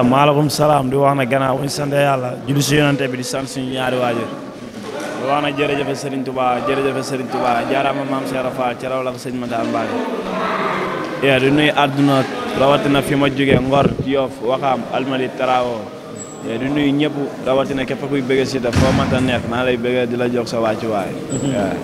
maaleykum salaam di wax na gannaaw bu ñu sant yàlla julli si yonante bi di sant suñu ñaari waajur di wax na jërëjëf Serigne Touba jërëjëf Serigne Touba jaaraama maam Cheikh Rafa ci raw la ko sëñ Mataar Mbacké. yaa di nuyu àdduna rawatina fi ma jógee Ngor Yoff Waxaam Almadi Tarawo yaa di nuyu ñëpp rawatina képp kuy bëgg si daf foo mënta nekk naa lay bëgg di la jox sa waa ci waay. nga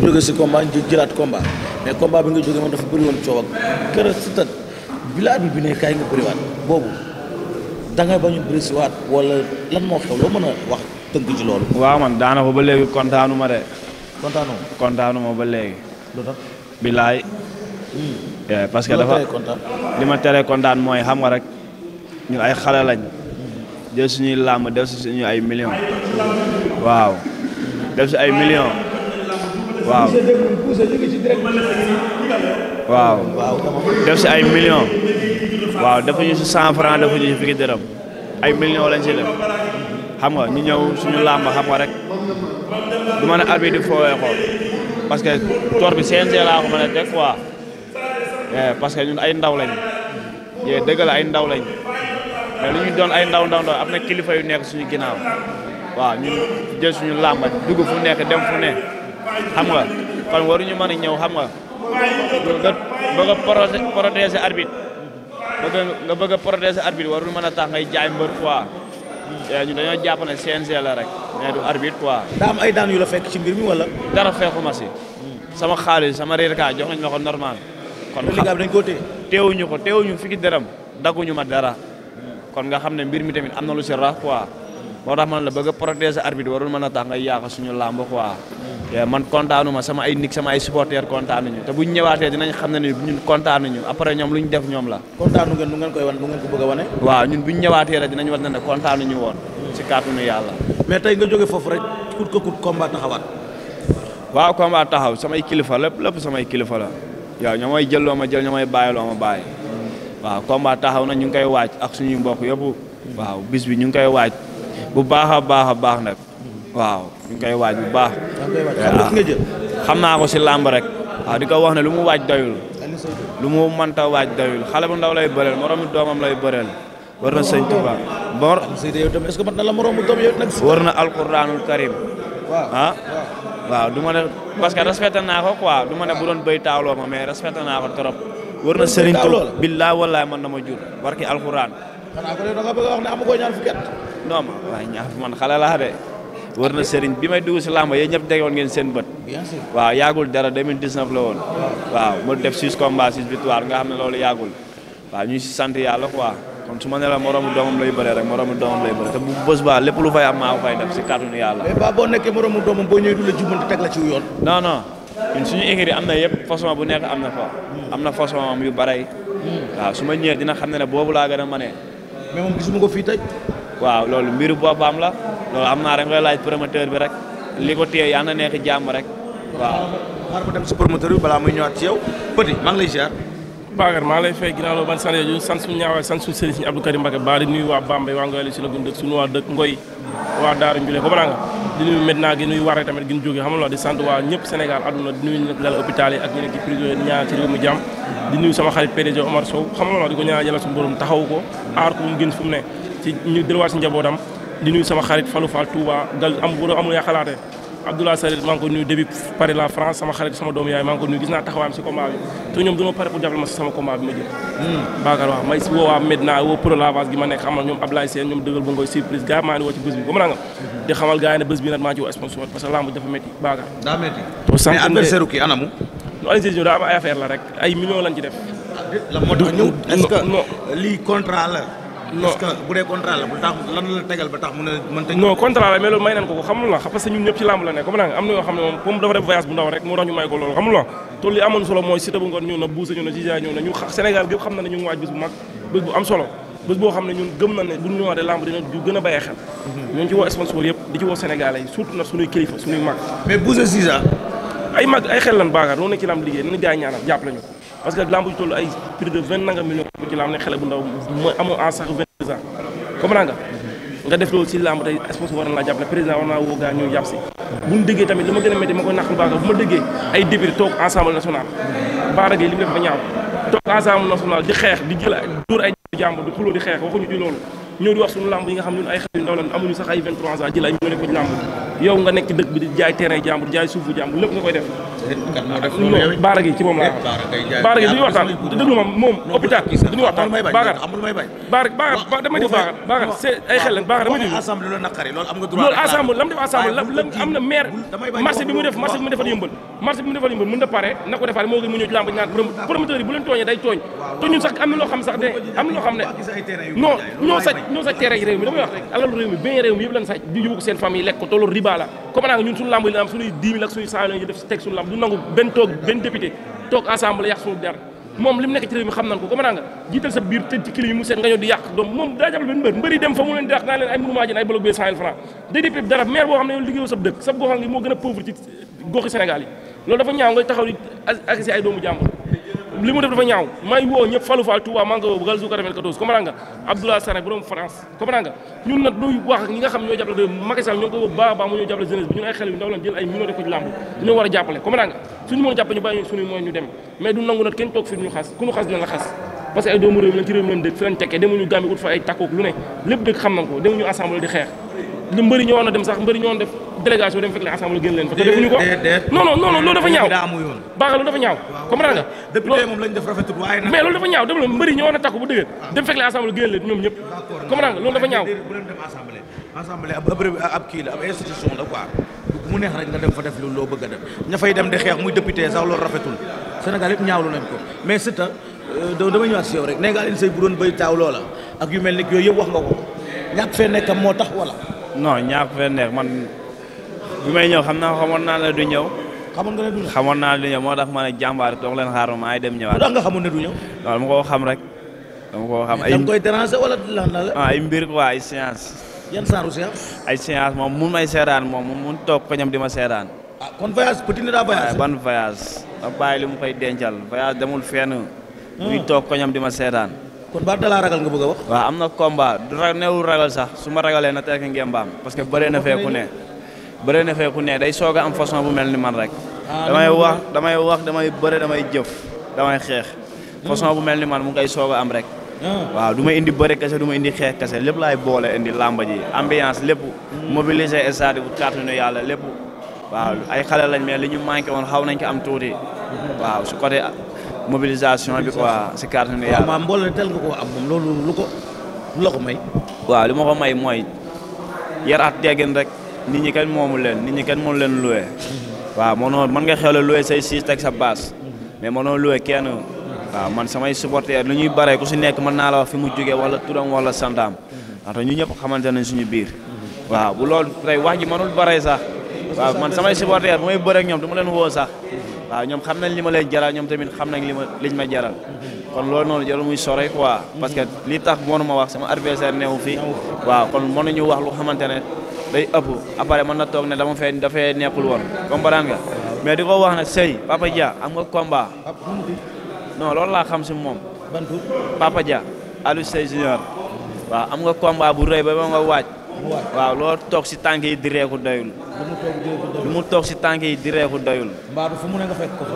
jóge si combat ñu jëlaat combat mais combat bi nga jógee moom dafa bëri woon coow ak kër si tët bilaa bi bi ne kaay nga bëriwaat boobu. da ngay bañ a brisiwaat wala lan moo xew loo mën a wax tënk ci loolu. waaw man daanaka ba léegi kontaanu ma de. kontaanu ma ba léegi. lu tax bilaay. Hmm. Eh, que dafa li ma teree kontaan mooy xam nga rek ñu ay xale lañ. jël hmm. suñuy làmb def si suñu ay millions. waaw def si ay millions. waaw def si ay millions. waaw dafa ñu si cent franc dafa ñu si fukki dërëm ay millions lañ si def xam nga ñu ñëw suñu làmb xam nga rek du mën a arbitre di foowee ko parce que toor bi CNG laa ko mën a teg eh, parce que ñu ay ndaw lañ yee ay ndaw lañ mais ñu doon ay ndaw ndaw ndaw am na kilifa yu nekk suñu ginnaaw waaw ñun jël suñu làmb dugg fu nekk dem fu ne xam nga kon waruñu mën a ñëw xam nga nga bëgg a protéger arbitre bëgg nga bëgg a protéger arbitre warul mën a tax ngay jaay mbër quoi eh, ñu dañoo jàpp ne CNG la rek mais du arbitre quoi. daa am ay daan yu la fekk ci mbir mi wala. dara fekkuma si. sama xaalis sama réer kaa jox nañ ma ko normal. kon liggéey bi dañ koo teewuñu ko teewuñu fi ki dërëm dagguñu ma dara. kon nga xam ne mbir mi tamit am na lu si rax quoi. moo tax man la bëgg a protéger arbitre warul mën a tax ngay yàq suñu làmb quoi. Eh, man kontaanuma sama ay nit sama ay supporters kontaanuñu te buñ ñëwaatee dinañ xam ne ni ñun kontaanuñu après ñoom lu ñu def ñoom la. kontaanu ngeen nu ngeen koy wan nu ngeen ko bëgg a wane. waaw ñun buñ ñëwaatee rek dinañ wan ne ne kontaanuñu woon. si kàttanu yàlla. mais tey nga jóge foofu rek kut ko kut combat taxawaat. waaw combat taxaw samay kilifa lépp lépp samay kilifa la. yow ñoo may jël loo ma jël ñoo may bàyyi loo ma bàyyi. waaw combat taxaw na ñu ngi koy waaj ak suñuy mbokk yëpp. waaw bis bi ñu ngi koy waaj bu baax a baax a baax nag waaw ñu kay koy waaj bu baax. xam naa ko si làmb rek. waaw di ko wax ne lu mu waaj doyul. lu mu mënta waaj doyul xale bu ndaw lay bëreel moromu doomam lay bëreel. war na sëñ Tuba bor. est-ce que mat na la war na alquranul karim. ah waaw du ma ne parce que respecté naa ko quoi du ma ne bu doon béy taaloo ma mais respecté naa ko trop. war na sëriñ Tuba billaa man na ma jur barki alquran. xanaa ko de man xale laa de. war na sëriñ bi may dugg si làmb yéen ñëpp tegoon ngeen seen bët. waaw yaagul dara 2019 la woon. waaw mu def 6 combats 6 victoire nga xam ne loolu yaagul waaw ñu ngi si sant yàlla quoi kon su ma nee la moromu doomam lay bëree rek moromu doomam lay bëree te bu bës ba lépp lu fay am maa fay def si kàttanu yàlla. mais ba boo nekkee moromu doomam boo ñëwee du la jubbanti teg la ci yoon. non non ñun suñu écurie am na yëpp façon bu nekk am na fa. Hmm. am na façon yu bare. Hmm. waaw su ma ñëwee dina xam ne ne boobu laa gën a mane. mais moom ko fii tey. waaw loolu mbiru boppam la loolu am naa dañ koy laaj promoteur bi rek li ko téye yaa na nekk jàmm rek waaw. xaar ba dem si promoteur bi balaa muy ñëwaat ci yow Petit maa ngi lay ziar. Bakar maa lay fay ginnaaw loolu ban sant yooyu sant suñu ñaawaay sant ba di nuyu waa Bambey waa Ngoyale si la gën dëkk ko nga di nuyu maintenant gi nuyu waree tamit gi ñu jógee xam nga di sant waa ñëpp Sénégal àdduna di nuyu nag sama xarit PDG Omar Sow xam nga di ko ñaan yàlla suñu borom taxaw ko aar ko mu gën fu mu ne ci ñu delluwaat si njabootam di nuyu sama xarit Fallou Fall Touba gal am bu amul yaa xalaatee Abdoulaye Sarit maa ko nuyu depuis Paris la France sama xarit sama doomu yaay maa ko nuyu gis naa taxawaayam si combat si sama hmm. yi ne no lii contrat la non est-ce que bu dee contrat la bu tax lan la tegal ba tax mu ne mënta. non contrat la mais loolu may nañ ko ko xamul la parce que ñun ñëpp ci làmb la ne comme naa nga am na yoo xam ne moom comme dafa def voyage bu ndaw rek moo tax ñu may ko loolu xamul la te li amoon solo mooy Siteu bu ngoon ñëw na Boussa ñëw na Ziza ñëw na ñu Sénégal gépp xam na ne ñu ngi waaj bés bu mag bés bu am solo bés boo xam ne ñun gëm na ne bu ñu ñëwaatee lamb dina du gën a bàyyi xel mhm. ñun ci woo sponsor yëpp di ci woo sénégalais yi surtout nag suñuy kilifa suñuy mag mais Boussa Ziza ay mag ay xel lan baagar noonu ne ci lamb liggéey nañu jaay ñaanal jàpp lañu parce que lamb ji toll ay plus de vingt nanga ci lamb ne xale bu ndaw mooy amoo en sax vingt deux ans nga def loolu si lamb tey sponsor war na laa jàppale président war naa woo gaa ñëw jàpp si bu ñu déggee tamit li ma gën a métti ma koy naqlu baax bu ma déggee ay député toog ensemble national Bara Gaye li def ba ñaaw toog ensemble national di xeex di jël dóor ay jàmbur di xuloo di xeex waxuñu ci loolu ñoo di wax suñu làmb yi nga xam ñun ay xale yu ndaw lan amuñu sax ay 23 ans am na maire marché bi mu def marché bi mu defar yëmbal marché bi mu defal ñu na pare na ko defaat moo gën mu ñëw ci lamb promoteur yi bu leen tooñee day tooñ te ñun sax am na loo xam sax de am na loo xam ne non ñoo saj ñoo saj terrain yi réew mi damay wax alalu réew mi bien réew mi yëpp lañ saj di yóbbu ko seen la suñu lamb yi def teg suñu lamb du nangu benn toog benn député toog assemblée yàq suñu der moom li mu nekk ci réew mi xam nan ko comme jiital sa biir tëj ci kili yi mu seet nga ñëw loolu dafa ñaaw ngay taxaw di agsi ay doomu jàmbur li mu def dafa ñaaw may woo ñëpp Fallou Fall Touba maa ngi ko gal su 94 comprends nga Abdoulaye Sané borom France comprends nga ñun nag duy wax nga xam ñoo ñoo jàppale jeunesse a jàppale a jàppale ñu bàyyi suñu mooy ñu dem mais du nangu nag kenn toog fi ñu xas ku xas dina la xas parce ay doomu réew lañ ci réew mi dëkk fi lañ tekkee demuñu Gambie ut fa ay tàkkook lu ne lépp dëkk xam nañ ko demuñu assemblée di xeex lu mbëri ñoo woon a dem sax mbëri ñoo woon délégation dem fekk leen assemblée gën leen fa te defuñu ko non loolu dafa ñaaw dem mbëri ñoo fay dem di xeex muy député sax loolu rafetul Sénégal yëpp ñaawlu nañ ko mais c'est donc euh, damay ñëwaat si yow rek nee wax nga ko ñàkk fee nekk moo tax wala. non ñàkk fee nekk man bi may ñëw xam naa xamoon naa ne du ñëw. xamoon nga ne du ñëw xamoon naa ne du ñëw moo tax ma ne jàmbaar toog leen xaar ma ay dem ñëwaat. ndax nga xamoon ne du ñëw. waaw dama koo xam rek. dama koo xam ah, ay mbir quoi ay science. moom mun may seeraan moom ma seeraan. ah kon voyage petit li mu hmm. toog ko ñam di ma seeraan. kon ba dalaa ragal nga bëgg a am na combat du newul ragal sax su ma ragalee na tekk ngembaam parce que bëree na fee ne. bëre na fee ku ne day soog am façon bu mel ni man rek. Ah, damay wax damay wax damay bëre damay jëf damay xeex. façon bu mel ni man mu ngi koy a am rek. Ah. waaw du ma indi bëre kese du ma indi xeex kese lépp laay boole indi làmba ji ambiance lépp. Hmm. mobiliser stade bu kàttanu yàlla lépp. waaw ay xale lañ mais li ñu manqué woon xaw nañ ko am tuuti. waaw su côté mobilisation bi quoi si kàttanu yàlla. waaw mbooloo tel nga koo am moom loolu lu ko lu la ko may. waaw ma ko nit ñi kenn moomu leen nit ñi kenn mënu leen loué waaw mënoo mën nga xewle loué say siis teg sa baas mais mënoo loué kenn waaw man samay supporter lu ñuy bare ku si nekk mën naa la wax fi mu jógee wala turam wala santaam ndaxte ñu ñëpp xamante nañ suñu biir waaw bu loolu tey wax ji mënul bare sax waaw man samay supporter bu may bëreek ñoom du ma leen woo sax waaw ñoom xam nañ li ma leen jaral ñoom tamit xam nañ li ma liñ ma jaral kon loolu noonu jarul muy so quoi parce li tax mënu ma wax sama adversaire neewu fi waaw day ëpp après mën na toog ne dama fee dafay nekkul woon comprendre nga mais di ko wax nag sëy Papa am nga combat non loolu laa xam si moom ban tur Papa Dia waaw am nga combat bu rëy ba ma nga waaj waaw loolu toog si tànk yi direeku doyul lu mu toog si tànk yi direeku doyul mbaa fu mu ne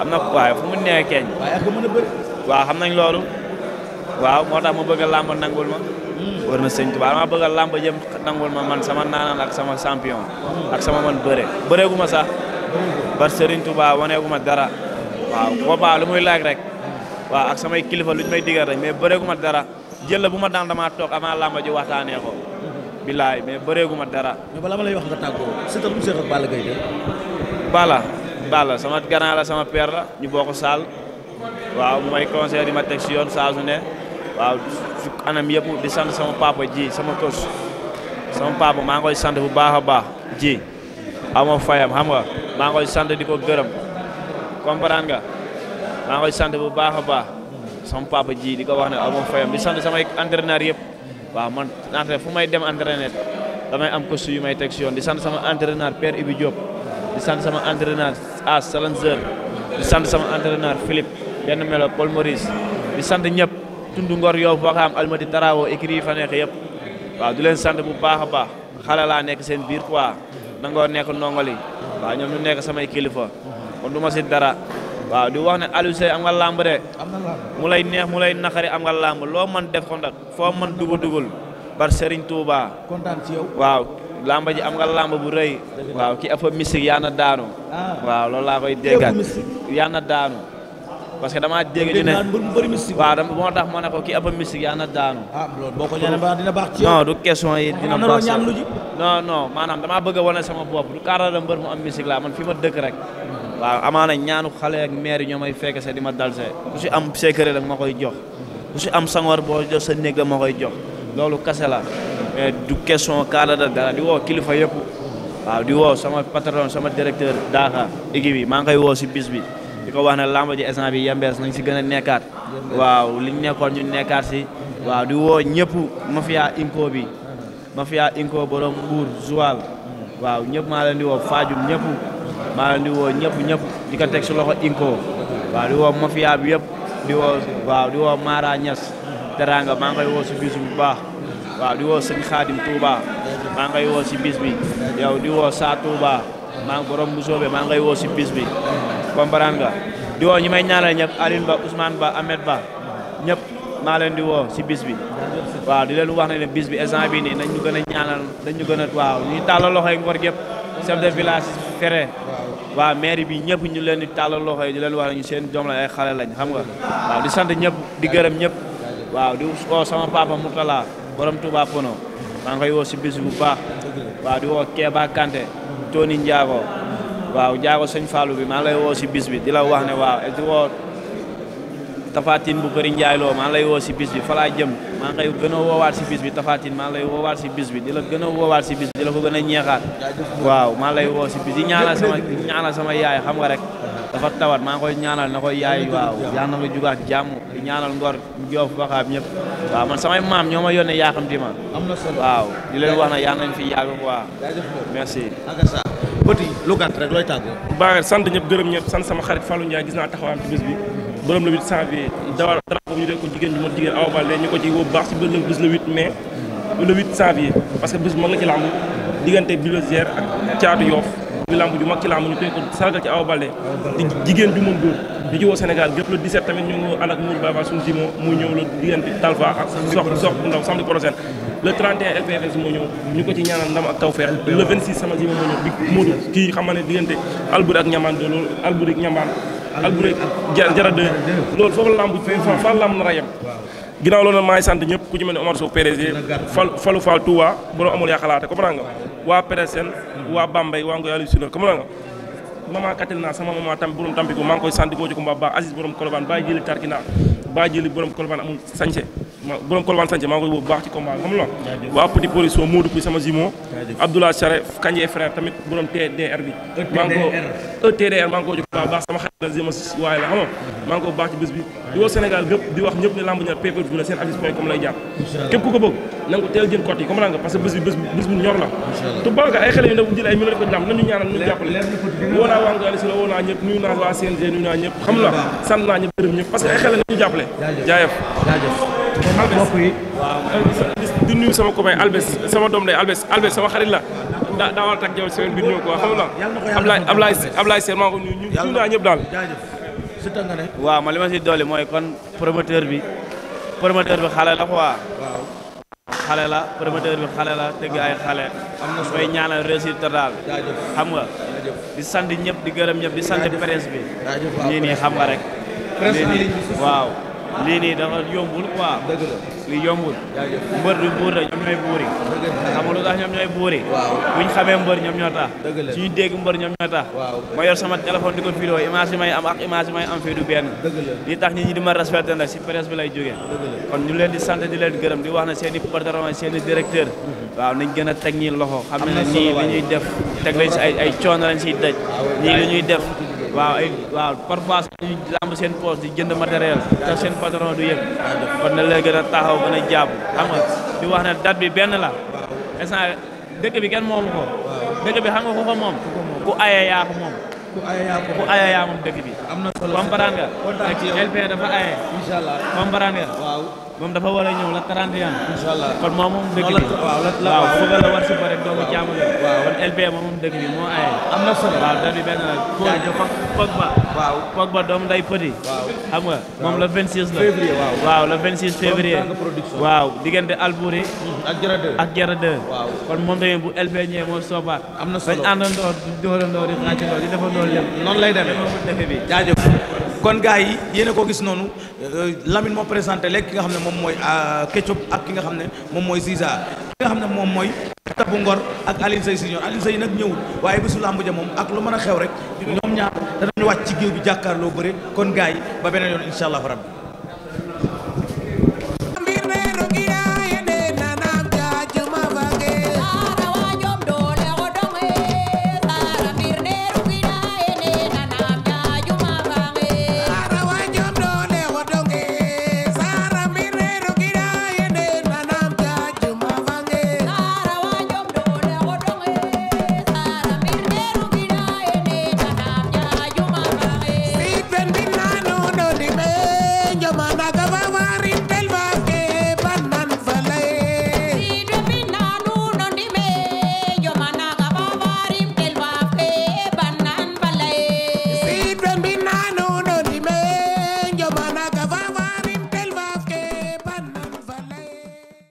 am na waaye fu mu nee keeñ waaw xam nañ loolu waaw moo tax ma bëgg a làmb nangul ma war na sëñ Tuubaa dama bëgg a làmb jëm nangul ma man sama naanaan ak sama champion ak sama man bëre bëreegu ma sax parce que Sëriñ Tuubaa waneegu ma dara waaw boobaa lu muy laaj rek waaw ak samay kilifa lu ñu may digal rek mais bëreegu ma dara jël la bu ma daan damaa toog avant làmba ko bilaay mais bëreegu ma dara. mais bala ma lay wax nga tàggoo Siteu bu seex ak Balla Gaye sama grand sama père ñu bokk Saal waaw mooy conseil di ma teg si waaw anam yëpp di sant sama papa ji sama tos sama papa maa ngi koy sant bu baax a baax ji ama fayam xam nga maa ngi koy sant di ko gërëm comprendre nga maa ngi sant bu baax a baax sama papa ji di ko wax ne ama fayam di sant samay entraîneur yëpp waaw man entraîneur fu may dem entraîneur damay am coach yu may teg si yoon di sant sama entraîneur Père Ibi Diop di sant sama entraîneur As Salanzer di sant sama entraîneur Philippe benn melo Paul Maurice di sant tund ngor yow Wakaam almadi Taraawo écrit yi fa nekk yëpp waaw du leen sant bu baax a baax xala laa nekk seen biir quoi nangoo nekk ndongoli waaw ñoom ñu nekk samay kilifa kon du ma si dara waaw di wax ne Aliou Seye am nga làmb de mu lay neex mu lay naqari am nga làmb loo man def ko nag foo mën dugu dugul bar Serigne Touba kontaan waaw làmb ji am nga lamb bu rëy waaw ki afa mystique yaa na daanu ah. waaw loolu laa koy déggaat yaa na daanu parce que damaa dégg ñu ne waaw moo tax ma ne ko kii ab mystique yaa na daanu. ah du question yi dina baax non non maanaam damaa bëgg a wane sama bopp du kaara la mbër mu am mystique laa man fi ma dëkk rek waaw amaana ñaanu xale ak maire ñoo may fekk se di ma dal se ku si am secret rek ma koy jox ku si am sangoor boo jox sa néeg la ma koy jox loolu kase la mais du question kaara la dara di woo kilifa yëpp waaw di woo sama patron sama directeur bi di ko wax ne làmb ji instant bi yembees nañ si gën a nekkaat waaw liñ nekkoon ñu nekkaat si waaw di woo ñëpp mafia inco bi mafia inco borom Mbuur Joal waaw ñëpp maa leen di woo Faajum ñëpp maa leen di woo ñëpp ñëpp di ko teg si loxo inco waaw di woo mafia bi yëpp di woo waaw di maa ngi koy woo si bis bu baax waaw di woo sëñ Xaadim Touba maa ngi koy woo si bi yow di woo Saa Touba maa borom bu woo si bi comprendre nga di woo ñi may ñaanal ñëpp Alioune Ba Ousmane Ba Ahmed Ba ñëpp maa leen di woo si bis bi waaw di leen wax ne bis bi instant bi nii nañ ñu a ñaanal nañ ñu gën a waaw ñuy tàllal yi Ngor gépp chef de village fere waaw maire bi ñëpp ñu leen di tàllal loxo yi di leen wax na ñu seen doom la ay xam ga waaw di sant ñëpp di gërëm ñëpp waa di woo sama papa Moutala borom Touba Pono maa ngi koy woo si bis bu baax waaw di woo Kéba Kanté Tony Ndiago waaw jaago sëñ Fallou bi maa lay woo si bi di la wax ne waaw et woo tafatin bu bëri njaay loo maa lay woo si bi falaa laa jëm maa ngay gën a woowaat si bis bi tafatin maa lay woowaat si bis bi dila gën a woowaat si bis bi di ko gën a ñeexaat waaw maa lay woo si bis di ñaanal sama ñaanal sama yaay xam nga rek dafa tawat maa ngi koy ñaanal na ko yaay waaw yal na nga jugaat jàmm di ñaanal ngor joof baxaab ñëpp waaw man samay maam ñoo ma yónnee yaa xam ti ma waaw di leen wax na yal fi bët yi lu gàtt rek looy tàggoo. baax sant sama xarit Fallou Ndiaye gis naa taxawaam ci bés bi borom le 8 janvier dawal drapeau ñu def ko jigéen ñu mot jigéen Awa Baldé ñu ko ci woo baax ci bés le bés le 8 mai le parce que bés bu mag la ci làmb diggante Buldozer ak Caatu Yoff bi làmb ju mag ci làmb ñu koy ko sargal ci Awa Baldé di jigéen ju mën góor di ci Sénégal gépp le 17 tamit ñu ngi ànd ak Mour Baba suñu Zimo muy ñëw la diggante le 31 LPFS moo ñëw ñu ko ci ñaanal ndam ak tawfeex le 26 sama ji ma moo ñëw bi Modou kii xam ne diggante Albouri ak Ñambaan de loolu Albouri ak Ñambaan Jara de loolu foofu lamb fa lamb nar a yem ginnaaw sant ñëpp ku ci mel ne Omar Sow PDG Fallou Fallou Fall Touba borom amul yaa xalaate comprends nga waa PDSN waa Bambey waa Ngoy Aliou Sina comprends nga maman Katrina sama maman tam borom tampiku maa ngi koy sant koo ci ko mbaa baax Aziz borom baa jëli Tarkina baa jëli borom Colobane amul ma borom Kolobane Santhie maa ngi koy woo bu baax ci combat xam e e la jëma mm-hmm. wax ñëpp ne lamb ñaar pay-per-view la seen affiche point naa ñëpp nuyu naa ñëpp xam ay xale nañu jàppale jaajëf mbokk yi. di nuyu sama doom day Albes Albes sama xarit la. daa daa war a tàgg jaww semaine bi ñëw quoi xam nga Ablaye daal. waaw ma li ma si dolli mooy kon promoteur bi promoteur bi xale la quoi. xale la promoteur bi xale la dégg ay xale. am na sooy ñaanal réussite daal. xam nga di sant ñëpp di gërëm ñëpp di sant presse bi. ñii nii xam nga rek. presse waaw. lii nii dafa yombul quoi. dëgg la lii yombul. mbër du buur la ñoom ñooy buuri. xam tax ñoom ñooy buuri. waaw bu ñu xamee mbër ñoom ñoo tax. dëgg la su ñu mbër ñoom ñoo waaw ma yor sama téléphone di ko filoo image yi may am ak image yi dëgg la tax nit ñi di ma respecté nag si presse bi lay jógee. kon ñu leen di sante di leen gërëm di wax ne seen i patron seen i directeur. Mhm. waaw nañ gën a teg ñii loxo. xam na nii li ñuy def teg lañ si ay ay coono si siy daj. ñii ñuy def waaw ay waaw parfois ñu làmb seen poste di jënd matériel tax seen patron du yëg kon na lay a taxaw gën a jàpp xam di wax ne date bi benn la instant dëkk bi kenn moomu ko dëkk bi xam nga ku ko moom ku aye yaa ko moom ku aye yaa ko ku aye yaa moom dëkk bi comprendre nga dafa aye comprendre nga moom dafa war a ñëw la 31. incha allah kon moom moom dëkk bi waaw la la war si bëri doomu jaamu la. kon LB moom moom dëkk bi moo aaye. am na solo waaw dal la. jaajëf Pogba. waaw waaw diggante Albouri. Mm-hmm. ak Jara kon moom tamit bu LB ñëwee moo soobaat. am na solo dañ àndandoo di dóorandoo di xaacandoo di defandoo lépp. noonu lay demee dëkk bi kon gars yi yéen a ko gis noonu Lamine moo présenté léegi ki nga xam ne moom mooy euh, Ketchup ak ki nga xam ne moom mooy Ziza ki nga xam ne moom mooy bu Ngor ak Alioune Seye Senior Alioune Seye nag ñëwul waaye bisu làmb ja moom ak lu mën a xew rek ñoom ñaar danañu wàcc ci géew bi jàkkaarloo bëre kon gaa yi ba beneen yoon incha allah rabbi